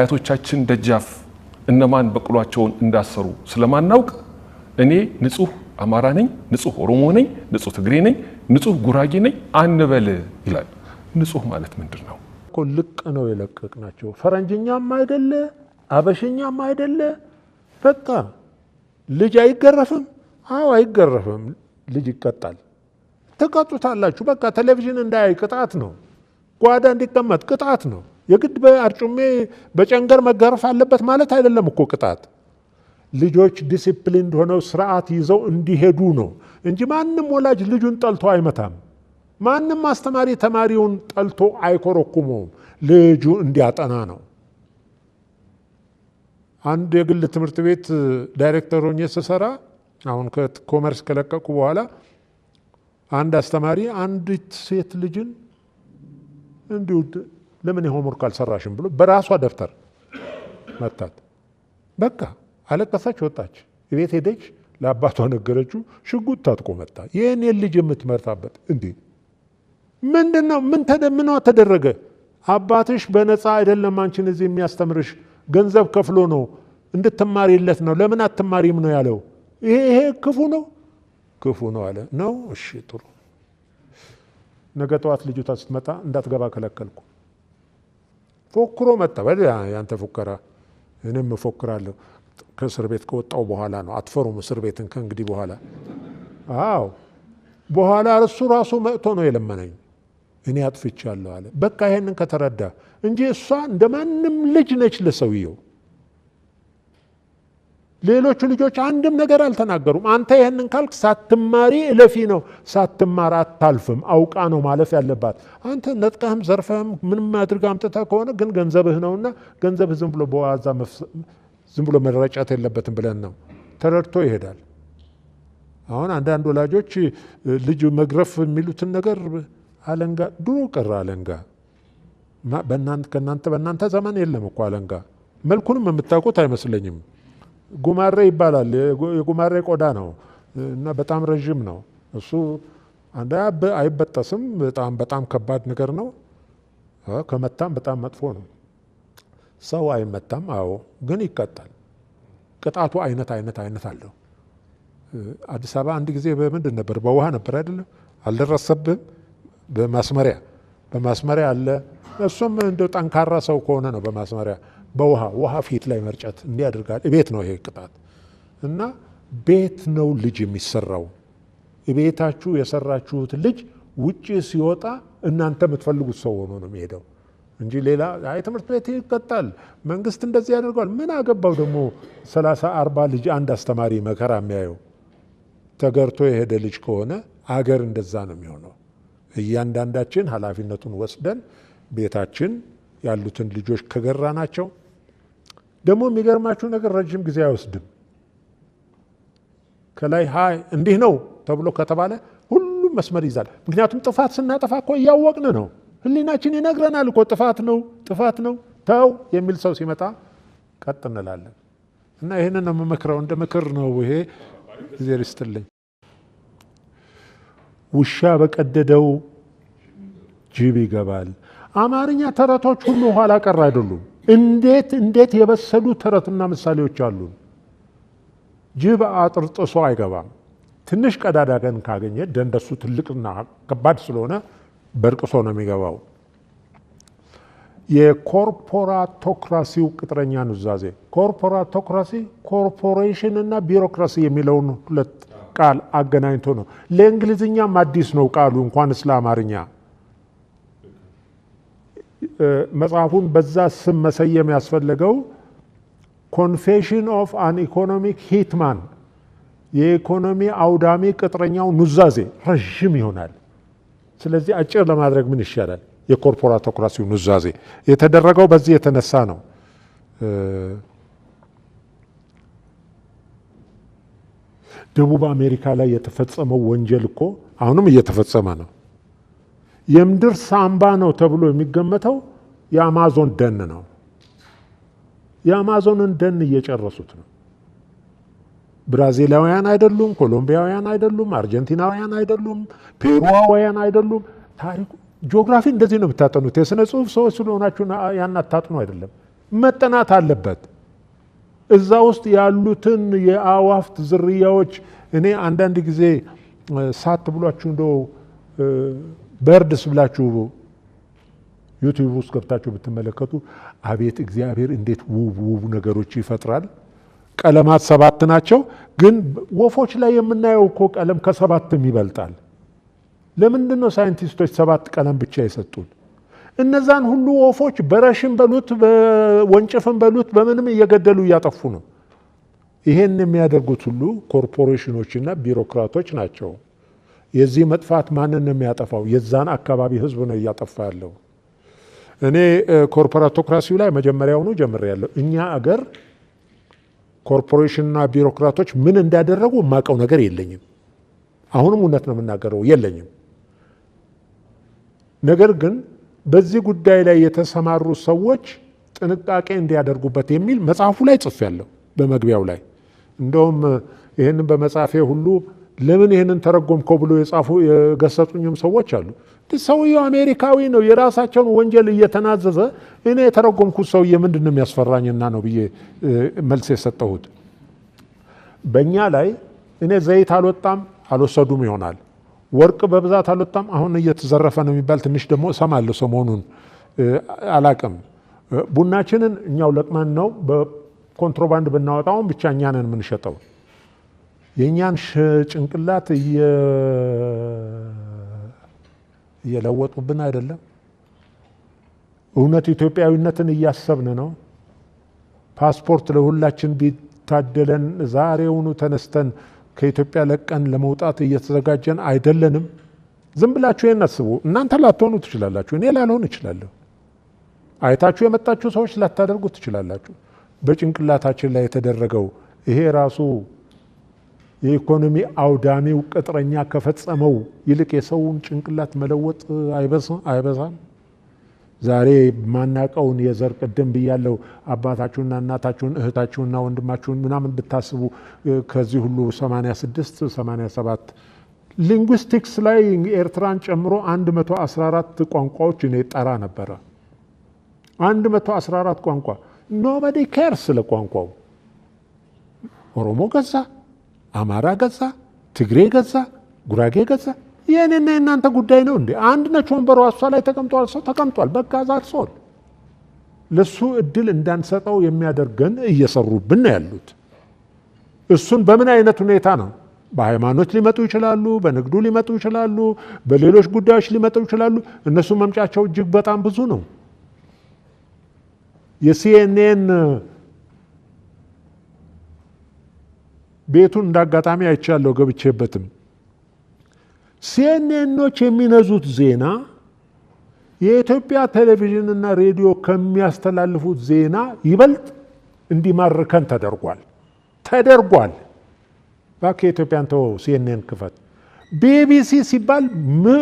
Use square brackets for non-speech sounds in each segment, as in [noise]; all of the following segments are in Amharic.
አያቶቻችን ደጃፍ እነማን በቅሏቸውን እንዳሰሩ ስለማናውቅ እኔ ንጹህ አማራ ነኝ፣ ንጹህ ኦሮሞ ነኝ፣ ንጹህ ትግሬ ነኝ፣ ንጹህ ጉራጌ ነኝ አንበል ይላል። ንጹህ ማለት ምንድን ነው? ልቅ ነው የለቀቅ ናቸው። ፈረንጅኛም አይደለ አበሸኛም አይደለ። በቃ ልጅ አይገረፍም። አዎ አይገረፍም። ልጅ ይቀጣል። ትቀጡታላችሁ። በቃ ቴሌቪዥን እንዳያይ ቅጣት ነው። ጓዳ እንዲቀመጥ ቅጣት ነው። የግድ በአርጩሜ በጨንገር መገረፍ አለበት ማለት አይደለም እኮ ቅጣት። ልጆች ዲሲፕሊን ሆነው ስርዓት ይዘው እንዲሄዱ ነው እንጂ ማንም ወላጅ ልጁን ጠልቶ አይመታም። ማንም አስተማሪ ተማሪውን ጠልቶ አይኮረኩመውም። ልጁ እንዲያጠና ነው። አንድ የግል ትምህርት ቤት ዳይሬክተር ሆኜ ስሰራ አሁን ከኮመርስ ከለቀቁ በኋላ አንድ አስተማሪ አንዲት ሴት ልጅን እንዲሁ ለምን የሆምወርክ አልሰራሽም ብሎ በራሷ ደብተር መታት። በቃ አለቀሰች፣ ወጣች። ቤት ሄደች፣ ለአባቷ ነገረችው። ሽጉጥ ታጥቆ መጣ። የእኔን ልጅ የምትመርታበት እንዴ! ምንድነው? ምን ተደምኗ ተደረገ? አባትሽ በነፃ አይደለም አንቺን እዚህ የሚያስተምርሽ ገንዘብ ከፍሎ ነው እንድትማሪለት ነው። ለምን አትማሪም ነው ያለው። ይሄ ይሄ ክፉ ነው ክፉ ነው አለ ነው። እሺ ጥሩ። ነገ ጠዋት ልጅቷ ስትመጣ እንዳትገባ ከለከልኩ። ፎክሮ መጣ። በል ያንተ ፉከራ እኔም እፎክራለሁ። ከእስር ቤት ከወጣው በኋላ ነው። አትፈሩም እስር ቤትን ከእንግዲህ በኋላ። አዎ በኋላ እሱ ራሱ መጥቶ ነው የለመነኝ። እኔ አጥፍቻለሁ አለ። በቃ ይሄንን ከተረዳ እንጂ እሷ እንደ ማንም ልጅ ነች ለሰውየው ሌሎቹ ልጆች አንድም ነገር አልተናገሩም። አንተ ይህንን ካልክ ሳትማሪ እለፊ ነው፣ ሳትማር አታልፍም። አውቃ ነው ማለፍ ያለባት። አንተ ነጥቀህም ዘርፈህም ምንም አድርገህ አምጥተህ ከሆነ ግን ገንዘብህ ነውና ገንዘብህ ዝም ብሎ በዋዛ ዝም ብሎ መረጨት የለበትም ብለን ነው ተረድቶ ይሄዳል። አሁን አንዳንድ ወላጆች ልጅ መግረፍ የሚሉትን ነገር አለንጋ ድሮ ቀረ። አለንጋ ከእናንተ በእናንተ ዘመን የለም እኮ አለንጋ። መልኩንም የምታውቁት አይመስለኝም። ጉማሬ ይባላል። የጉማሬ ቆዳ ነው እና በጣም ረዥም ነው እሱ አንደኛ አይበጠስም። በጣም በጣም ከባድ ነገር ነው። ከመታም በጣም መጥፎ ነው። ሰው አይመታም። አዎ፣ ግን ይቀጣል። ቅጣቱ አይነት አይነት አይነት አለው። አዲስ አበባ አንድ ጊዜ በምንድን ነበር? በውሃ ነበር አይደለም? አልደረሰብም በማስመሪያ በማስመሪያ አለ። እሱም እንደ ጠንካራ ሰው ከሆነ ነው በማስመሪያ በውሃ ውሃ ፊት ላይ መርጨት እንዲያደርጋል ቤት ነው ይሄ ቅጣት እና ቤት ነው ልጅ የሚሰራው። ቤታችሁ የሰራችሁት ልጅ ውጭ ሲወጣ እናንተ የምትፈልጉት ሰው ሆኖ ነው የሚሄደው እንጂ ሌላ አይ ትምህርት ቤት ይቀጣል፣ መንግስት እንደዚህ ያደርገዋል። ምን አገባው ደግሞ ሰላሳ አርባ ልጅ አንድ አስተማሪ መከራ የሚያየው ተገርቶ የሄደ ልጅ ከሆነ አገር እንደዛ ነው የሚሆነው። እያንዳንዳችን ኃላፊነቱን ወስደን ቤታችን ያሉትን ልጆች ከገራ ናቸው ደግሞ የሚገርማችሁ ነገር ረጅም ጊዜ አይወስድም። ከላይ ሀይ እንዲህ ነው ተብሎ ከተባለ ሁሉም መስመር ይዛል። ምክንያቱም ጥፋት ስናጠፋ እኮ እያወቅን ነው። ህሊናችን ይነግረናል እኮ ጥፋት ነው ጥፋት ነው ተው የሚል ሰው ሲመጣ ቀጥ እንላለን። እና ይህንን ነው የምመክረው፣ እንደ ምክር ነው ይሄ። እግዜር ይስጥልኝ። ውሻ በቀደደው ጅብ ይገባል። አማርኛ ተረቶች ሁሉ ኋላ ቀር አይደሉም። እንዴት እንዴት የበሰሉ ተረትና ምሳሌዎች አሉ ጅብ አጥር ጥሶ አይገባም። ትንሽ ቀዳዳ ግን ካገኘ ደንደሱ ትልቅና ከባድ ስለሆነ በርቅሶ ነው የሚገባው። የኮርፖራቶክራሲው ቅጥረኛ ኑዛዜ። ኮርፖራቶክራሲ ኮርፖሬሽን እና ቢሮክራሲ የሚለውን ሁለት ቃል አገናኝቶ ነው። ለእንግሊዝኛም አዲስ ነው ቃሉ ስለ አማርኛ መጽሐፉን በዛ ስም መሰየም ያስፈለገው ኮንፌሽን ኦፍ አን ኢኮኖሚክ ሂትማን የኢኮኖሚ አውዳሚ ቅጥረኛው ኑዛዜ ረዥም ይሆናል። ስለዚህ አጭር ለማድረግ ምን ይሻላል? የኮርፖራቶክራሲው ኑዛዜ የተደረገው በዚህ የተነሳ ነው። ደቡብ አሜሪካ ላይ የተፈጸመው ወንጀል እኮ አሁንም እየተፈጸመ ነው። የምድር ሳምባ ነው ተብሎ የሚገመተው የአማዞን ደን ነው። የአማዞንን ደን እየጨረሱት ነው። ብራዚላውያን አይደሉም፣ ኮሎምቢያውያን አይደሉም፣ አርጀንቲናውያን አይደሉም፣ ፔሩዋውያን አይደሉም። ታሪኩ ጂኦግራፊ እንደዚህ ነው የምታጠኑት። የሥነ ጽሑፍ ሰዎች ስለሆናችሁ ያን አታጥኑ አይደለም፣ መጠናት አለበት። እዛ ውስጥ ያሉትን የአዋፍት ዝርያዎች እኔ አንዳንድ ጊዜ ሳት ብሏችሁ እንደው በእርድስ ብላችሁ ዩቲዩብ ውስጥ ገብታችሁ ብትመለከቱ አቤት እግዚአብሔር እንዴት ውብ ውብ ነገሮች ይፈጥራል። ቀለማት ሰባት ናቸው። ግን ወፎች ላይ የምናየው እኮ ቀለም ከሰባትም ይበልጣል። ለምንድን ነው ሳይንቲስቶች ሰባት ቀለም ብቻ የሰጡን? እነዛን ሁሉ ወፎች በረሽን በሉት በወንጭፍን በሉት በምንም እየገደሉ እያጠፉ ነው። ይሄን የሚያደርጉት ሁሉ ኮርፖሬሽኖችና ቢሮክራቶች ናቸው። የዚህ መጥፋት ማንን ነው የሚያጠፋው? የዛን አካባቢ ህዝብ ነው እያጠፋ ያለው። እኔ ኮርፖራቶክራሲው ላይ መጀመሪያውኑ ያለው እኛ አገር ኮርፖሬሽንና ቢሮክራቶች ምን እንዳደረጉ የማውቀው ነገር የለኝም። አሁንም እውነት ነው የምናገረው፣ የለኝም። ነገር ግን በዚህ ጉዳይ ላይ የተሰማሩ ሰዎች ጥንቃቄ እንዲያደርጉበት የሚል መጽሐፉ ላይ ጽፌያለሁ፣ በመግቢያው ላይ እንደውም ይህንን በመጽሐፌ ሁሉ ለምን ይህንን ተረጎምከው ብሎ የጻፉ የገሰጹኝም ሰዎች አሉ። ሰውየው አሜሪካዊ ነው። የራሳቸውን ወንጀል እየተናዘዘ እኔ የተረጎምኩት ሰውዬ ምንድን ነው የሚያስፈራኝና ነው ብዬ መልስ የሰጠሁት። በእኛ ላይ እኔ ዘይት አልወጣም አልወሰዱም ይሆናል ወርቅ በብዛት አልወጣም አሁን እየተዘረፈ ነው የሚባል ትንሽ ደግሞ እሰማለሁ ሰሞኑን አላቅም። ቡናችንን እኛው ለቅመን ነው በኮንትሮባንድ ብናወጣውን ብቻ እኛንን የምንሸጠው የእኛን ጭንቅላት እየለወጡብን አይደለም። እውነት ኢትዮጵያዊነትን እያሰብን ነው። ፓስፖርት ለሁላችን ቢታደለን ዛሬውኑ ተነስተን ከኢትዮጵያ ለቀን ለመውጣት እየተዘጋጀን አይደለንም። ዝም ብላችሁ ይህን አስቡ። እናንተ ላትሆኑ ትችላላችሁ፣ እኔ ላልሆን እችላለሁ። አይታችሁ የመጣችሁ ሰዎች ላታደርጉ ትችላላችሁ። በጭንቅላታችን ላይ የተደረገው ይሄ ራሱ የኢኮኖሚ አውዳሚው ቅጥረኛ ከፈጸመው ይልቅ የሰውን ጭንቅላት መለወጥ አይበዛም? ዛሬ ማናቀውን የዘር ቅድም ብያለው፣ አባታችሁና እናታችሁን እህታችሁና ወንድማችሁን ምናምን ብታስቡ ከዚህ ሁሉ 86 87 ሊንጉስቲክስ ላይ ኤርትራን ጨምሮ 114 ቋንቋዎች እኔ ጠራ ነበረ። 114 ቋንቋ ኖባዲ ኬር ስለ ቋንቋው ኦሮሞ ገዛ አማራ ገዛ፣ ትግሬ ገዛ፣ ጉራጌ ገዛ። የእኔና የእናንተ ጉዳይ ነው እንዴ? አንድ ነች ወንበሯ፣ እሷ ላይ ተቀምጧል፣ ሰው ተቀምጧል። በቃ ዛት ሰውን ለሱ እድል እንዳንሰጠው የሚያደርገን እየሰሩብን ነው ያሉት። እሱን በምን አይነት ሁኔታ ነው? በሃይማኖት ሊመጡ ይችላሉ፣ በንግዱ ሊመጡ ይችላሉ፣ በሌሎች ጉዳዮች ሊመጡ ይችላሉ። እነሱ መምጫቸው እጅግ በጣም ብዙ ነው። የሲኤንኤን ቤቱን እንዳጋጣሚ አይቻለሁ ገብቼበትም። ሲኤንኤኖች የሚነዙት ዜና የኢትዮጵያ ቴሌቪዥንና ሬዲዮ ከሚያስተላልፉት ዜና ይበልጥ እንዲማርከን ተደርጓል ተደርጓል። እባክህ የኢትዮጵያን ተወው፣ ሲኤንኤን ክፈት። ቢቢሲ ሲባል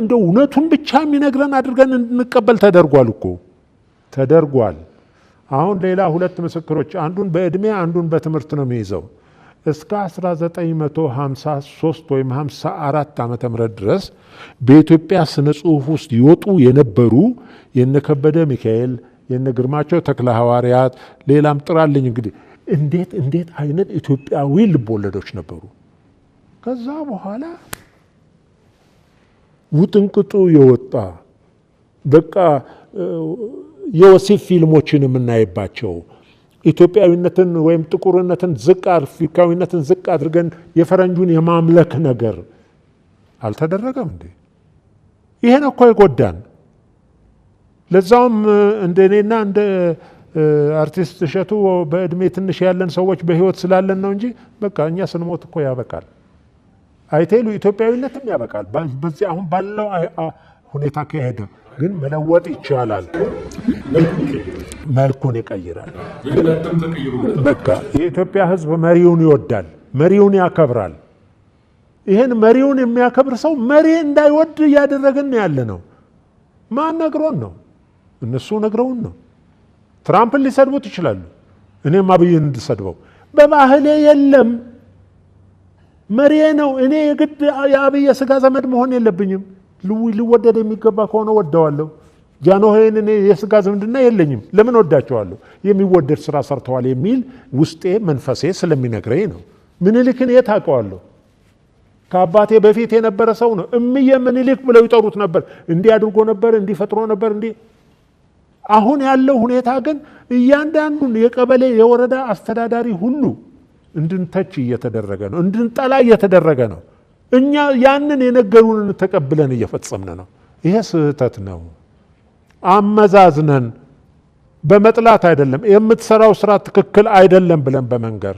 እንደ እውነቱን ብቻ የሚነግረን አድርገን እንድንቀበል ተደርጓል እኮ ተደርጓል። አሁን ሌላ ሁለት ምስክሮች፣ አንዱን በእድሜ አንዱን በትምህርት ነው የሚይዘው። እስከ 1953 ወይም 54 ዓመተ ምረት ድረስ በኢትዮጵያ ስነ ጽሁፍ ውስጥ ይወጡ የነበሩ የነከበደ ሚካኤል የነ ግርማቸው ተክለ ሐዋርያት ሌላም ጥራልኝ እንግዲህ እንዴት እንዴት አይነት ኢትዮጵያዊ ልቦለዶች ነበሩ። ከዛ በኋላ ውጥንቅጡ የወጣ በቃ የወሲብ ፊልሞችን የምናይባቸው ኢትዮጵያዊነትን ወይም ጥቁርነትን ዝቅ አፍሪካዊነትን ዝቅ አድርገን የፈረንጁን የማምለክ ነገር አልተደረገም እንዴ? ይሄን እኮ ይጎዳን። ለዛውም እንደ እኔና እንደ አርቲስት እሸቱ በእድሜ ትንሽ ያለን ሰዎች በህይወት ስላለን ነው እንጂ በቃ እኛ ስንሞት እኮ ያበቃል። አይቴሉ ኢትዮጵያዊነትም ያበቃል። በዚህ አሁን ባለው ሁኔታ ከሄደ ግን መለወጥ ይቻላል። መልኩን ይቀይራል። በቃ የኢትዮጵያ ሕዝብ መሪውን ይወዳል፣ መሪውን ያከብራል። ይህን መሪውን የሚያከብር ሰው መሪ እንዳይወድ እያደረግን ያለ ነው። ማን ነግሮን ነው? እነሱ ነግረውን ነው። ትራምፕን ሊሰድቡት ይችላሉ። እኔም አብይን እንድሰድበው በባህሌ የለም። መሪ ነው። እኔ የግድ የአብይ ስጋ ዘመድ መሆን የለብኝም። ልወደድ የሚገባ ከሆነ ወደዋለሁ። ጃንሆይን እኔ የስጋ ዝምድና የለኝም፣ ለምን ወዳቸዋለሁ? የሚወደድ ስራ ሰርተዋል የሚል ውስጤ መንፈሴ ስለሚነግረኝ ነው። ምኒልክን የት አውቀዋለሁ? ከአባቴ በፊት የነበረ ሰው ነው። እምዬ ምኒልክ ብለው ይጠሩት ነበር። እንዲህ አድርጎ ነበር፣ እንዲህ ፈጥሮ ነበር፣ እንዲህ አሁን ያለው ሁኔታ ግን እያንዳንዱን የቀበሌ የወረዳ አስተዳዳሪ ሁሉ እንድንተች እየተደረገ ነው፣ እንድንጠላ እየተደረገ ነው። እኛ ያንን የነገሩንን ተቀብለን እየፈጸምን ነው። ይሄ ስህተት ነው። አመዛዝነን በመጥላት አይደለም፣ የምትሰራው ስራ ትክክል አይደለም ብለን በመንገር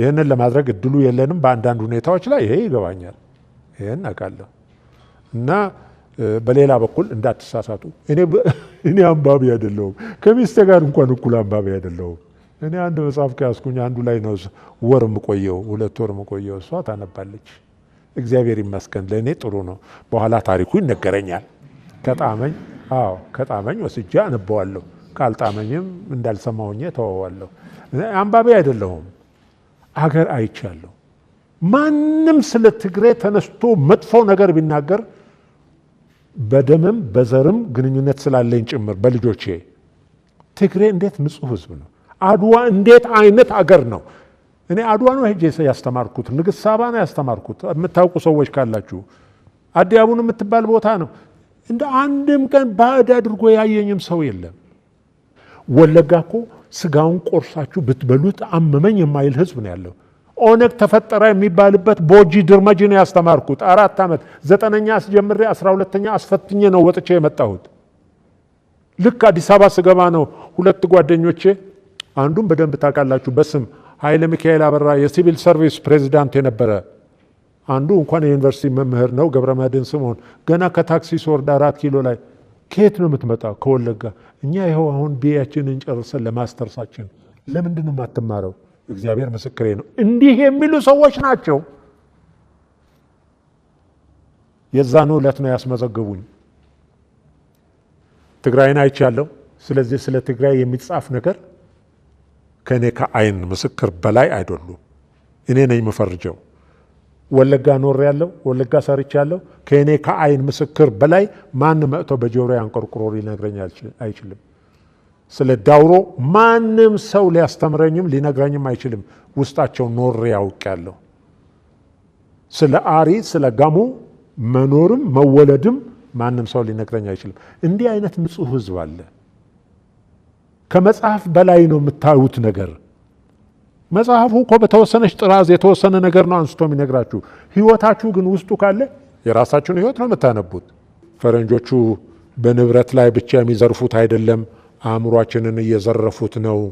ይህንን ለማድረግ እድሉ የለንም። በአንዳንድ ሁኔታዎች ላይ ይሄ ይገባኛል፣ ይህን አውቃለሁ። እና በሌላ በኩል እንዳትሳሳቱ፣ [laughs] እኔ አንባቢ አይደለሁም፣ ከሚስቴ ጋር እንኳን እኩል አንባቢ አይደለሁም። እኔ አንድ መጽሐፍ ከያዝኩኝ አንዱ ላይ ነው ወር ምቆየው፣ ሁለት ወር ምቆየው። እሷ ታነባለች። እግዚአብሔር ይመስገን፣ ለእኔ ጥሩ ነው። በኋላ ታሪኩ ይነገረኛል ከጣመኝ አዎ ከጣመኝ ወስጄ አነበዋለሁ። ካልጣመኝም እንዳልሰማውኝ ተወዋለሁ። አንባቢ አይደለሁም። አገር አይቻለሁ። ማንም ስለ ትግሬ ተነስቶ መጥፎ ነገር ቢናገር በደምም በዘርም ግንኙነት ስላለኝ ጭምር በልጆቼ ትግሬ እንዴት ንጹህ ህዝብ ነው። አድዋ እንዴት አይነት አገር ነው። እኔ አድዋ ነው ሄጄ ያስተማርኩት። ንግስ ሳባ ነው ያስተማርኩት። የምታውቁ ሰዎች ካላችሁ አዲ አቡን የምትባል ቦታ ነው እንደ አንድም ቀን ባዕድ አድርጎ ያየኝም ሰው የለም። ወለጋ እኮ ስጋውን ቆርሳችሁ ብትበሉት አመመኝ የማይል ህዝብ ነው ያለው። ኦነግ ተፈጠረ የሚባልበት ቦጂ ድርመጂ ነው ያስተማርኩት። አራት ዓመት ዘጠነኛ አስጀምሬ አስራ ሁለተኛ አስፈትኜ ነው ወጥቼ የመጣሁት። ልክ አዲስ አበባ ስገባ ነው ሁለት ጓደኞቼ፣ አንዱን በደንብ ታውቃላችሁ፣ በስም ኃይለ ሚካኤል አበራ የሲቪል ሰርቪስ ፕሬዚዳንት የነበረ አንዱ እንኳን የዩኒቨርሲቲ መምህር ነው ገብረ መድን ስምኦን። ገና ከታክሲ ስወርድ አራት ኪሎ ላይ ከየት ነው የምትመጣው? ከወለጋ። እኛ ይኸው አሁን ቢያችንን ጨርሰን ለማስተርሳችን ለምንድን ነው የማትማረው? እግዚአብሔር ምስክሬ ነው። እንዲህ የሚሉ ሰዎች ናቸው። የዛኑ ዕለት ነው ያስመዘገቡኝ። ትግራይን አይቻለሁ። ስለዚህ ስለ ትግራይ የሚጻፍ ነገር ከእኔ ከአይን ምስክር በላይ አይደሉም። እኔ ነኝ የምፈርጀው። ወለጋ ኖር ያለው ወለጋ ሰርች ያለው ከእኔ ከአይን ምስክር በላይ ማን መጥቶ በጆሮ አንቆርቁሮ ሊነግረኝ አይችልም። ስለ ዳውሮ ማንም ሰው ሊያስተምረኝም ሊነግረኝም አይችልም። ውስጣቸው ኖር ያውቅ ያለው ስለ አሪ ስለ ጋሞ መኖርም መወለድም ማንም ሰው ሊነግረኝ አይችልም። እንዲህ አይነት ንጹህ ህዝብ አለ። ከመጽሐፍ በላይ ነው የምታዩት ነገር መጽሐፉ እኮ በተወሰነች ጥራዝ የተወሰነ ነገር ነው አንስቶ የሚነግራችሁ። ህይወታችሁ ግን ውስጡ ካለ የራሳችሁን ህይወት ነው የምታነቡት። ፈረንጆቹ በንብረት ላይ ብቻ የሚዘርፉት አይደለም፣ አእምሯችንን እየዘረፉት ነው።